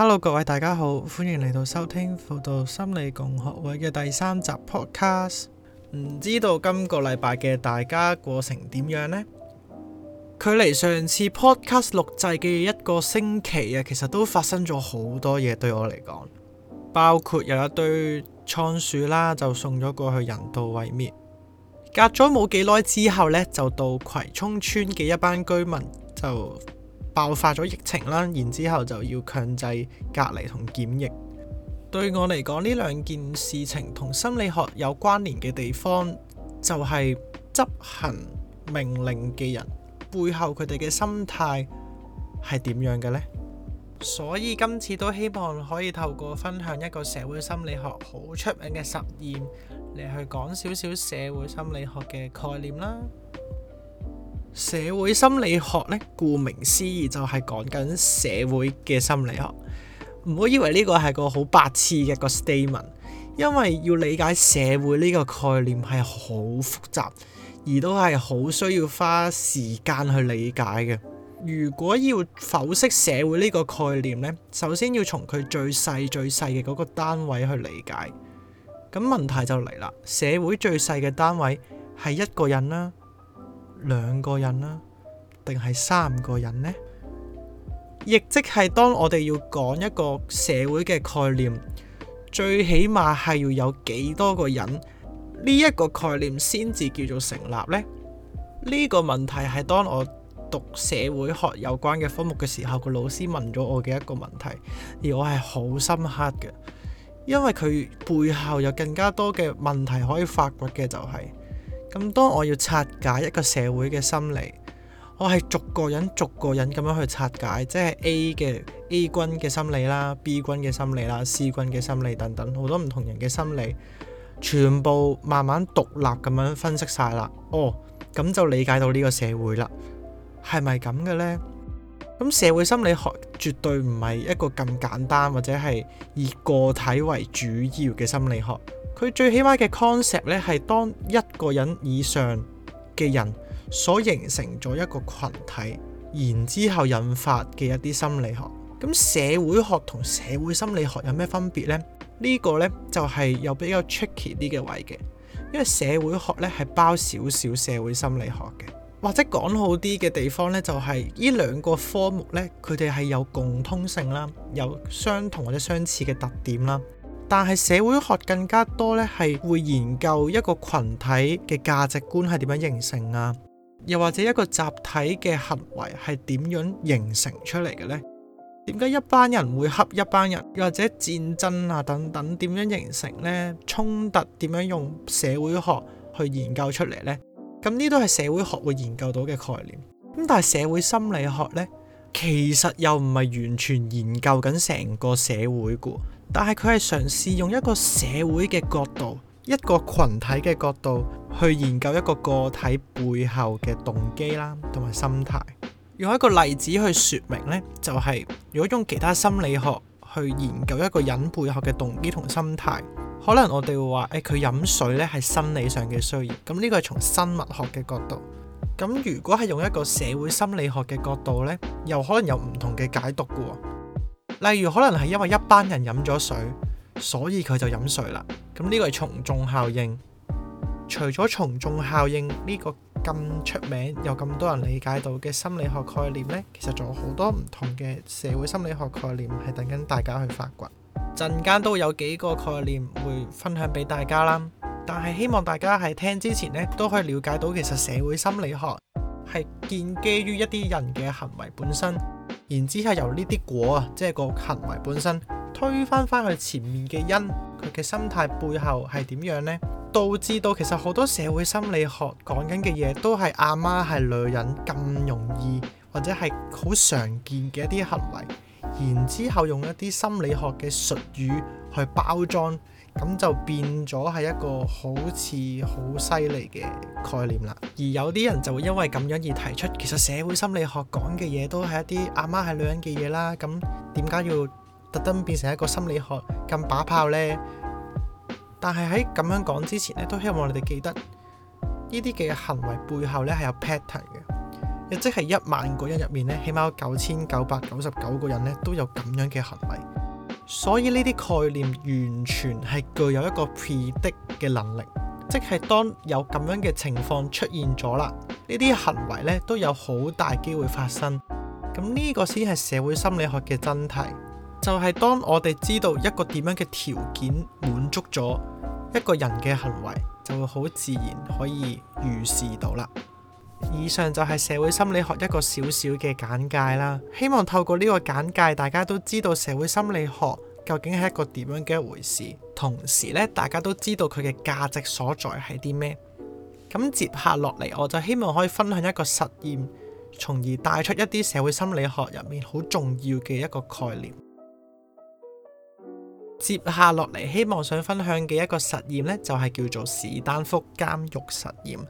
Hello，各位大家好，歡迎嚟到收聽輔導心理共學會嘅第三集 podcast。唔知道今個禮拜嘅大家過程點樣呢？距離上次 podcast 錄製嘅一個星期啊，其實都發生咗好多嘢。對我嚟講，包括有一堆倉鼠啦，就送咗過去人道毀滅。隔咗冇幾耐之後呢，就到葵涌村嘅一班居民就。爆發咗疫情啦，然之後就要強制隔離同檢疫。對我嚟講，呢兩件事情同心理學有關聯嘅地方，就係執行命令嘅人背後佢哋嘅心態係點樣嘅呢？所以今次都希望可以透過分享一個社會心理學好出名嘅實驗，嚟去講少少社會心理學嘅概念啦。社會心理學咧，顧名思義就係講緊社會嘅心理學。唔好以為呢個係個好白痴嘅一個 statement，因為要理解社會呢個概念係好複雜，而都係好需要花時間去理解嘅。如果要剖析社會呢個概念呢，首先要從佢最細最細嘅嗰個單位去理解。咁問題就嚟啦，社會最細嘅單位係一個人啦、啊。兩個人啦，定係三個人呢？亦即係當我哋要講一個社會嘅概念，最起碼係要有幾多個人呢一個概念先至叫做成立呢？呢個問題係當我讀社會學有關嘅科目嘅時候，個老師問咗我嘅一個問題，而我係好深刻嘅，因為佢背後有更加多嘅問題可以發掘嘅就係、是。咁，當我要拆解一個社會嘅心理，我係逐個人、逐個人咁樣去拆解，即係 A 嘅 A 君嘅心理啦、B 君嘅心理啦、C 君嘅心理等等，好多唔同人嘅心理，全部慢慢獨立咁樣分析晒啦。哦，咁就理解到呢個社會啦，係咪咁嘅呢？咁社會心理學絕對唔係一個咁簡單，或者係以個體為主要嘅心理學。佢最起碼嘅 concept 咧，係當一個人以上嘅人所形成咗一個群體，然之後引發嘅一啲心理學。咁社會學同社會心理學有咩分別呢？呢、呢個呢，就係有比較 tricky 啲嘅位嘅，因為社會學呢係包少少社會心理學嘅，或者講好啲嘅地方呢、就係，就係呢兩個科目呢，佢哋係有共通性啦，有相同或者相似嘅特點啦。但係社會學更加多咧，係會研究一個群體嘅價值觀係點樣形成啊，又或者一個集體嘅行為係點樣形成出嚟嘅呢？點解一班人會恰一班人，又或者戰爭啊等等，點樣形成呢？衝突點樣用社會學去研究出嚟呢？咁呢都係社會學會研究到嘅概念。咁但係社會心理學呢，其實又唔係完全研究緊成個社會噶。但係佢係嘗試用一個社會嘅角度，一個群體嘅角度去研究一個個體背後嘅動機啦，同埋心態。用一個例子去說明呢，就係、是、如果用其他心理學去研究一個人背後嘅動機同心態，可能我哋會話誒佢飲水呢係心理上嘅需要。咁呢個係從生物學嘅角度。咁如果係用一個社會心理學嘅角度呢，又可能有唔同嘅解讀嘅喎。例如可能係因為一班人飲咗水，所以佢就飲水啦。咁呢個係從眾效應。除咗從眾效應呢個咁出名又咁多人理解到嘅心理學概念呢，其實仲有好多唔同嘅社會心理學概念係等緊大家去發掘。陣間都有幾個概念會分享俾大家啦，但係希望大家喺聽之前呢，都可以了解到，其實社會心理學係建基於一啲人嘅行為本身。然之後由呢啲果啊，即係個行為本身推返返去前面嘅因，佢嘅心態背後係點樣呢？導致到其實好多社會心理學講緊嘅嘢都係阿媽係女人咁容易或者係好常見嘅一啲行為，然之後用一啲心理學嘅術語去包裝。咁就變咗係一個好似好犀利嘅概念啦。而有啲人就會因為咁樣而提出，其實社會心理學講嘅嘢都係一啲阿媽係女人嘅嘢啦。咁點解要特登變成一個心理學咁把炮呢？但係喺咁樣講之前呢，都希望你哋記得呢啲嘅行為背後呢係有 pattern 嘅，亦即係一萬個人入面呢，起碼有九千九百九十九個人呢都有咁樣嘅行為。所以呢啲概念完全係具有一個 predict 嘅能力，即係當有咁樣嘅情況出現咗啦，呢啲行為咧都有好大機會發生。咁呢個先係社會心理學嘅真諦，就係、是、當我哋知道一個點樣嘅條件滿足咗一個人嘅行為，就會好自然可以預示到啦。以上就係社會心理學一個小小嘅簡介啦，希望透過呢個簡介，大家都知道社會心理學究竟係一個點樣嘅一回事，同時咧，大家都知道佢嘅價值所在係啲咩。咁、嗯、接下落嚟，我就希望可以分享一個實驗，從而帶出一啲社會心理學入面好重要嘅一個概念。嗯、接下落嚟，希望想分享嘅一個實驗呢，就係、是、叫做史丹福監獄實驗。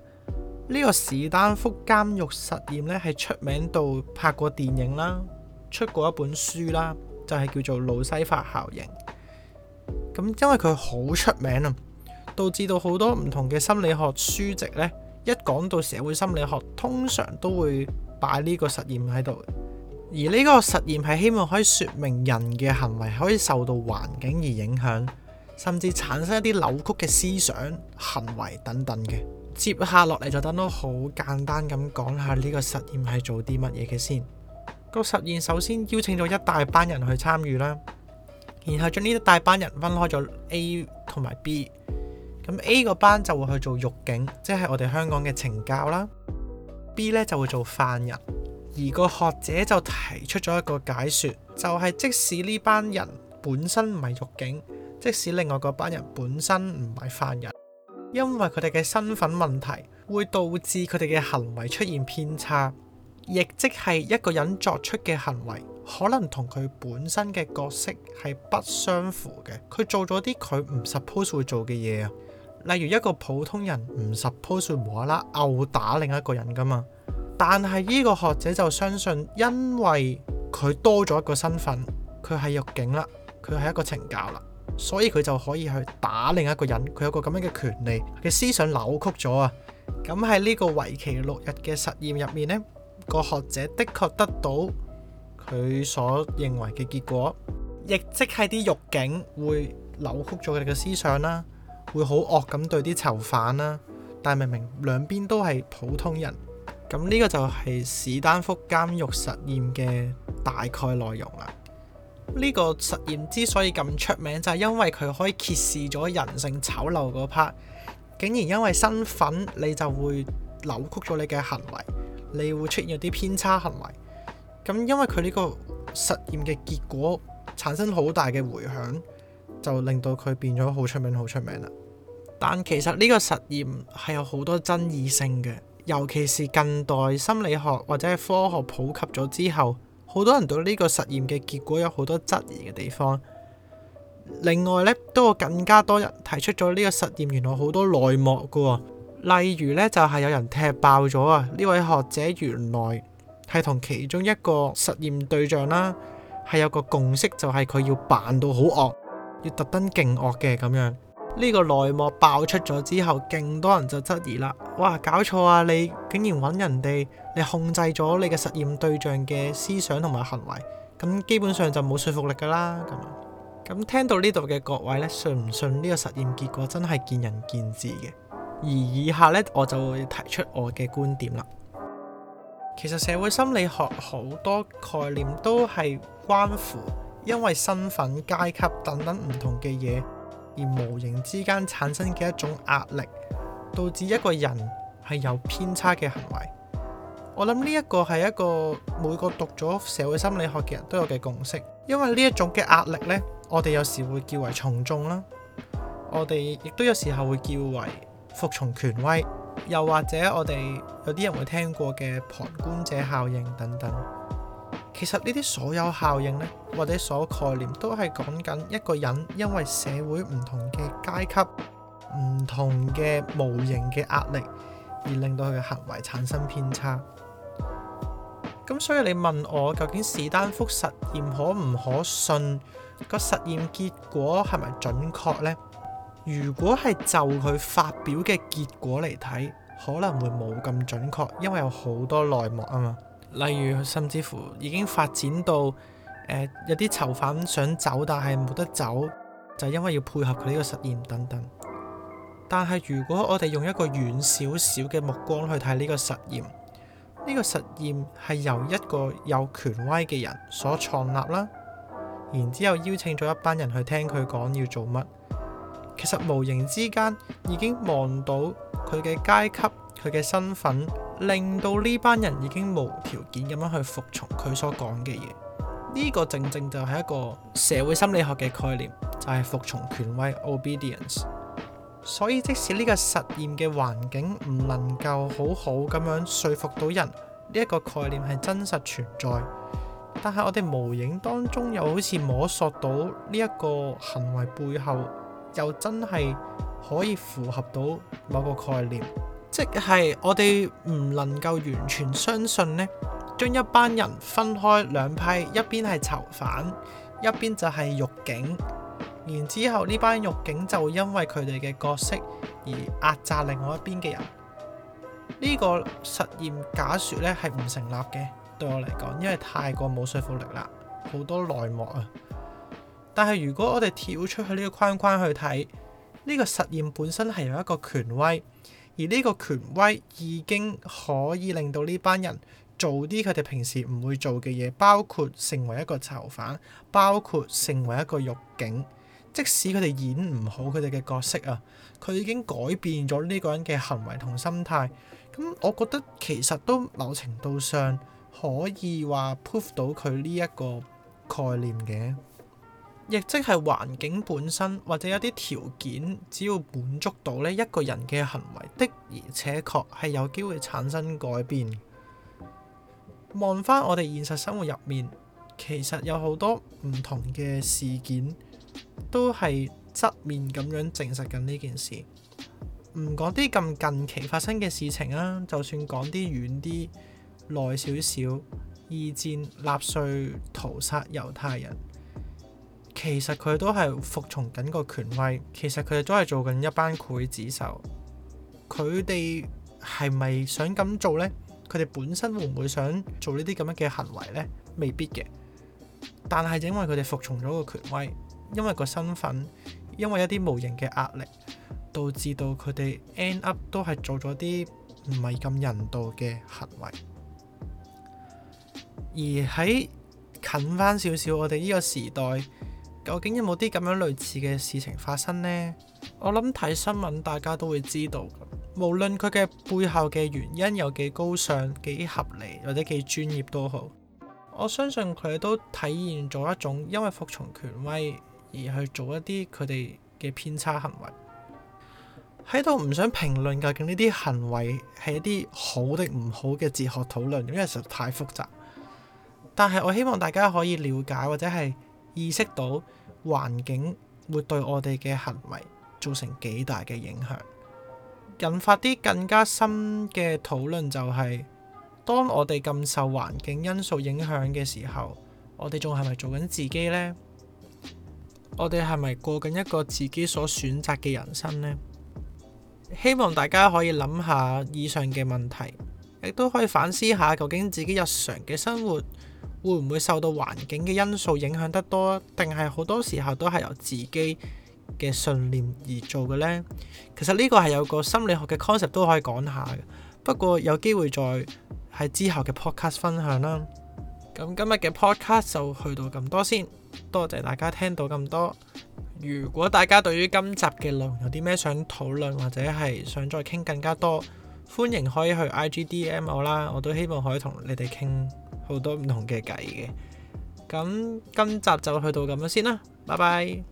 呢個史丹福監獄實驗呢，係出名到拍過電影啦，出過一本書啦，就係、是、叫做路西法效應。咁、嗯、因為佢好出名啊，導致到好多唔同嘅心理學書籍呢，一講到社會心理學，通常都會擺呢個實驗喺度。而呢個實驗係希望可以説明人嘅行為可以受到環境而影響，甚至產生一啲扭曲嘅思想、行為等等嘅。接下落嚟就等我好簡單咁講下呢個實驗係做啲乜嘢嘅先。個實驗首先邀請咗一大班人去參與啦，然後將呢一大班人分開咗 A 同埋 B。咁 A 個班就會去做獄警，即係我哋香港嘅懲教啦。B 咧就會做犯人，而個學者就提出咗一個解說，就係、是、即使呢班人本身唔係獄警，即使另外嗰班人本身唔係犯人。因為佢哋嘅身份問題，會導致佢哋嘅行為出現偏差，亦即係一個人作出嘅行為，可能同佢本身嘅角色係不相符嘅。佢做咗啲佢唔 suppose 會做嘅嘢啊，例如一個普通人唔 suppose 會無啦啦毆打另一個人㗎嘛，但係呢個學者就相信，因為佢多咗一個身份，佢係獄警啦，佢係一個懲教啦。所以佢就可以去打另一個人，佢有個咁樣嘅權利，嘅思想扭曲咗啊！咁喺呢個為期六日嘅實驗入面，呢個學者的確得到佢所認為嘅結果，亦即係啲獄警會扭曲咗佢哋嘅思想啦，會好惡咁對啲囚犯啦。但明明兩邊都係普通人，咁呢個就係史丹福監獄實驗嘅大概內容啦。呢個實驗之所以咁出名，就係因為佢可以揭示咗人性醜陋嗰 part，竟然因為身份你就會扭曲咗你嘅行為，你會出現一啲偏差行為。咁因為佢呢個實驗嘅結果產生好大嘅迴響，就令到佢變咗好出名，好出名啦。但其實呢個實驗係有好多爭議性嘅，尤其是近代心理學或者係科學普及咗之後。好多人對呢個實驗嘅結果有好多質疑嘅地方，另外呢都更加多人提出咗呢個實驗原來好多內幕㗎喎，例如呢，就係有人踢爆咗啊，呢位學者原來係同其中一個實驗對象啦，係有個共識就係佢要扮到好惡，要特登勁惡嘅咁樣。呢個內幕爆出咗之後，勁多人就質疑啦。哇，搞錯啊！你竟然揾人哋，你控制咗你嘅實驗對象嘅思想同埋行為，咁基本上就冇說服力㗎啦。咁咁聽到呢度嘅各位呢，信唔信呢個實驗結果真係見仁見智嘅？而以下呢，我就會提出我嘅觀點啦。其實社會心理學好多概念都係關乎因為身份、階級等等唔同嘅嘢。而無形之間產生嘅一種壓力，導致一個人係有偏差嘅行為。我諗呢一個係一個每個讀咗社會心理學嘅人都有嘅共識，因為呢一種嘅壓力呢，我哋有時會叫為從眾啦，我哋亦都有時候會叫為服從權威，又或者我哋有啲人會聽過嘅旁觀者效應等等。其實呢啲所有效應呢，或者所有概念都係講緊一個人因為社會唔同嘅階級、唔同嘅無形嘅壓力，而令到佢嘅行為產生偏差。咁所以你問我究竟史丹福實驗可唔可信？個實驗結果係咪準確呢？如果係就佢發表嘅結果嚟睇，可能會冇咁準確，因為有好多內幕啊嘛。例如甚至乎已經發展到、呃、有啲囚犯想走但係冇得走，就是、因為要配合佢呢個實驗等等。但係如果我哋用一個遠少少嘅目光去睇呢個實驗，呢、呢個實驗係由一個有權威嘅人所創立啦，然之後邀請咗一班人去聽佢講要做乜。其實無形之間已經望到佢嘅階級、佢嘅身份。令到呢班人已經無條件咁樣去服從佢所講嘅嘢，呢個正正就係一個社會心理學嘅概念，就係服從權威 （obedience）。所以即使呢個實驗嘅環境唔能夠好好咁樣說服到人，呢一個概念係真實存在，但係我哋模型當中又好似摸索到呢一個行為背後又真係可以符合到某個概念。即係我哋唔能夠完全相信呢，將一班人分開兩批，一邊係囚犯，一邊就係獄警。然之後呢班獄警就因為佢哋嘅角色而壓榨另外一邊嘅人。呢個實驗假說呢係唔成立嘅，對我嚟講，因為太過冇說服力啦，好多內幕啊。但係如果我哋跳出去呢個框框去睇，呢個實驗本身係有一個權威。而呢個權威已經可以令到呢班人做啲佢哋平時唔會做嘅嘢，包括成為一個囚犯，包括成為一個獄警。即使佢哋演唔好佢哋嘅角色啊，佢已經改變咗呢個人嘅行為同心態。咁我覺得其實都某程度上可以話 p r o v 到佢呢一個概念嘅。亦即係環境本身，或者有啲條件，只要滿足到咧，一個人嘅行為的而且確係有機會產生改變。望翻我哋現實生活入面，其實有好多唔同嘅事件都係側面咁樣證實緊呢件事。唔講啲咁近期發生嘅事情啊，就算講啲遠啲、耐少少、二戰納粹屠殺猶太人。其實佢都係服從緊個權威。其實佢哋都係做緊一班劊子手。佢哋係咪想咁做呢？佢哋本身會唔會想做呢啲咁樣嘅行為呢？未必嘅。但係因為佢哋服從咗個權威，因為個身份，因為一啲無形嘅壓力，導致到佢哋 end up 都係做咗啲唔係咁人道嘅行為。而喺近翻少少，我哋呢個時代。究竟有冇啲咁樣類似嘅事情發生呢？我諗睇，新聞，大家都會知道。無論佢嘅背後嘅原因有幾高尚、幾合理，或者幾專業都好，我相信佢都體現咗一種因為服從權威而去做一啲佢哋嘅偏差行為。喺度唔想評論究竟呢啲行為係一啲好嘅、唔好嘅哲學討論，因為實在太複雜。但係我希望大家可以了解或者係意識到，環境會對我哋嘅行為造成幾大嘅影響，引發啲更加深嘅討論就係：當我哋咁受環境因素影響嘅時候，我哋仲係咪做緊自己呢？我哋係咪過緊一個自己所選擇嘅人生呢？希望大家可以諗下以上嘅問題，亦都可以反思下究竟自己日常嘅生活。會唔會受到環境嘅因素影響得多，定係好多時候都係由自己嘅信念而做嘅呢？其實呢個係有個心理學嘅 concept 都可以講下嘅，不過有機會再喺之後嘅 podcast 分享啦。咁今日嘅 podcast 就去到咁多先，多謝大家聽到咁多。如果大家對於今集嘅內容有啲咩想討論，或者係想再傾更加多，歡迎可以去 IGDM 我啦，我都希望可以同你哋傾好多唔同嘅偈嘅。咁今集就去到咁樣先啦，拜拜。